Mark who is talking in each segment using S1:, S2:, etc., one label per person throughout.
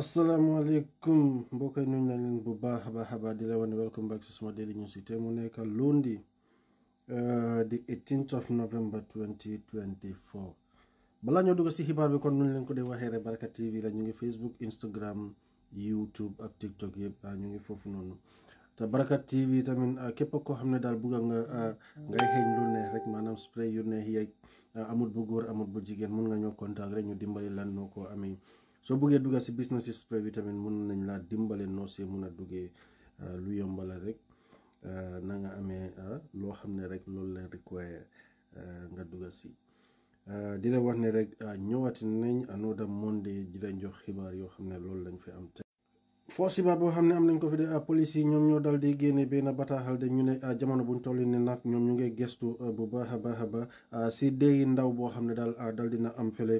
S1: asalaamaaleykum mbokk yi nuyu naa leen bu baax a baax a baax di la wane welcome back si suma daily news te mu nekk lundi euh, di 18th of november 2024 balaa ñoo dugg si xibaar bi kon nuñ leen ko dee waxee rek Baraka TV la ñu ngi Facebook Instagram YouTube ak TikTok yëpp ah, ñu ngi foofu noonu te Baraka TV tamit ah, képp koo xam ne daal bugg nga ah, ngay xeeñ lu rek maanaam spray yu neex yeeg amut bu góor amut bu jigéen mun nga ñoo contact rek ñu dimbali lan noo ko amee. soo bëggee dugga si business spray bi tamit mun nañ laa dimbale noo see mun a duggee euh, lu yombala rek euh, na nga amee euh, loo xam ne rek loolu la require nga dugga si di la wax ne rek ñëwaati nañ another Monday di la jox xibaar yoo xam ne loolu lañ fi am Fosiba boo xam ne am nañ ko fi de euh, police yi ñoom ñoo dal di génne benn bataaxal de ñu ne euh, jamono bu buñ toll ne nag ñoom ñu ngi gestu euh, bu baax a baax a baax si déy ndaw boo xam ne daal dal dina am fële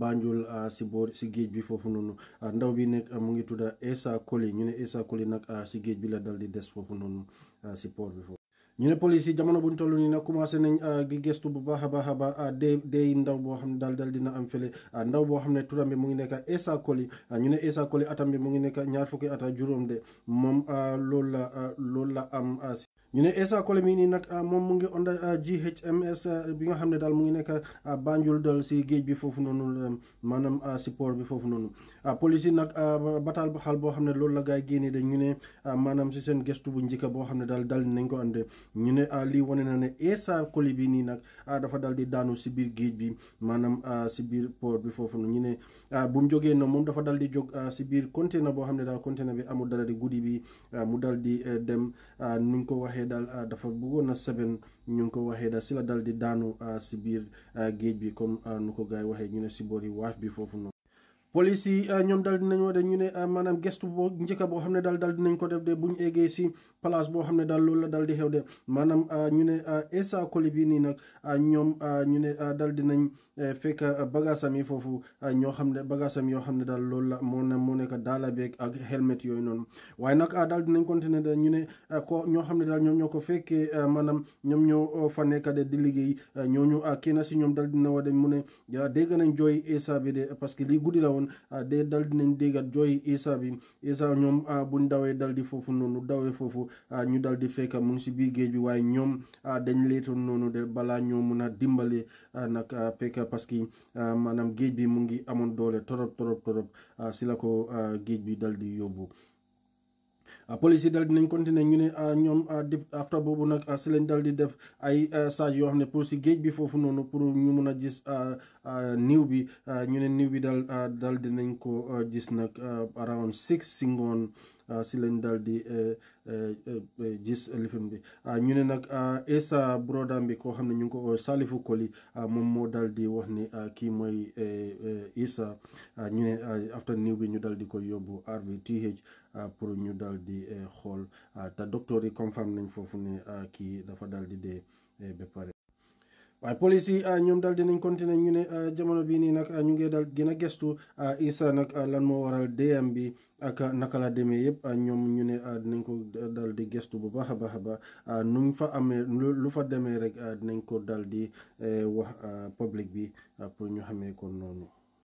S1: Banjul si boor si géej bi foofu noonu ndaw bi nekk mu ngi tudda Essa Koli ñu ne Essa Koli nag si géej bi la dal di des foofu noonu si port bi foofu ñu ne police yi jamono ñu toll nii nag commencé nañ euh, di gëstu bu baax a baax a baax dee euh, dee ndaw boo xam ne daal daal dina am fële euh, ndaw boo xam ne turam bi mu ngi nekk Essa Colley ñu ne Essa Colley atam bi mu ngi nekk ñaar fukki at juróom de moom loolu la loolu la am ñu ne Essa Collé mii nii nag ah, moom mu ngi onda ah, GHMS ah, bi nga xam ne daal mu ngi nekk Banjul dal si géej bi foofu noonu maanaam si port bi foofu noonu police nag bataal ba xaal boo xam ne loolu la gaay dañ ñu ne maanaam si seen gëstu bu njëkk boo xam ne daal dal nañ ko ànde ñu ne lii wane na ne Essa Collé bii nii nag dafa dal di daanu si biir géej bi maanaam si biir port bi foofu noonu ñu ne bu mu jógee na moom dafa dal di jóg si biir container boo xam ne daal container bi amul dara di guddi bi mu dal di eh, dem nuñ ko waxee waxee daal ah, dafa bëggoon a seben ñu ngi ko waxee daal si la dal di daanu ah, si biir ah, géej bi comme nu ko gars yi waxee ñu ne si yi waaf bi foofu noonu. police yi euh, ñoom daal dinañ wax de ñu ne euh, maanaam gestu boo njëkka boo xam ne daal daal dinañ ko def de bu ñu eggee si place boo xam ne daal loolu la daal di xew de maanaam euh, ñu ne Essa Colley bi nii nag ñoom ñu ne daal dinañ fekk bagasam yi foofu ñoo xam ne bagasam yoo xam ne daal loolu la moo ne moo nekk daala beeg ak helmet yooyu noonu waaye nag daal dinañ continuer de ñu ne ko ñoo xam ne daal ñoom ñoo ko fekkee maanaam ñoom ñoo fa nekk de di liggéey ñooñu kenn si ñoom daal na wax de mu ne nañ jooy Essa bi de parce que lii guddi la woon noonu ah, day dal dinañ déggat jooy Isa bi Isa ñoom ah, bu dawee dal di foofu noonu dawee foofu ah, ñu dal di fekk mu si biir géej bi waaye ñoom dañ leetoon noonu de balaa ñoo mun a dimbale nag fekk parce que maanaam géej bi mu ngi amoon doole torop torop torop si la ko géej bi dal di yóbbu Ah, police yi dal dinañ continuer ñu ne ah, ñoom ah, di afta boobu nag si lañ dal di def ay saaj eh, yoo ne pour si géej bi foofu noonu pour ñu mun a gis niiw bi ñu ne niiw bi dal dal dinañ ko gis nag around six si ngoon Ah, si lañ daal di eh, eh, eh, gis lifin bi ah, ñu ne nag ah, Essa brodam bi koo xam ne ñu ngi ko Salifu Koli moom moo daal di wax ni kii mooy Essa ñu ne after new bi ñu daal di koy yóbbu RVTH pour ñu daal di xool te docteur yi confirm nañ foofu ne kii dafa daal di dee ba pare polici ah, ñomdal dinen continue ñune ah, jamano bini nak ah, ñugeedal gina gestu isa nak lan mo waral dm bi ak nakala deme yépp ñom ñune dinañ ko dal di gestu bu baaxa baaxa ba num fa amee lu fa demee rek dinañ ko dal di eh, wax public bi pour ñu xamee ko noonu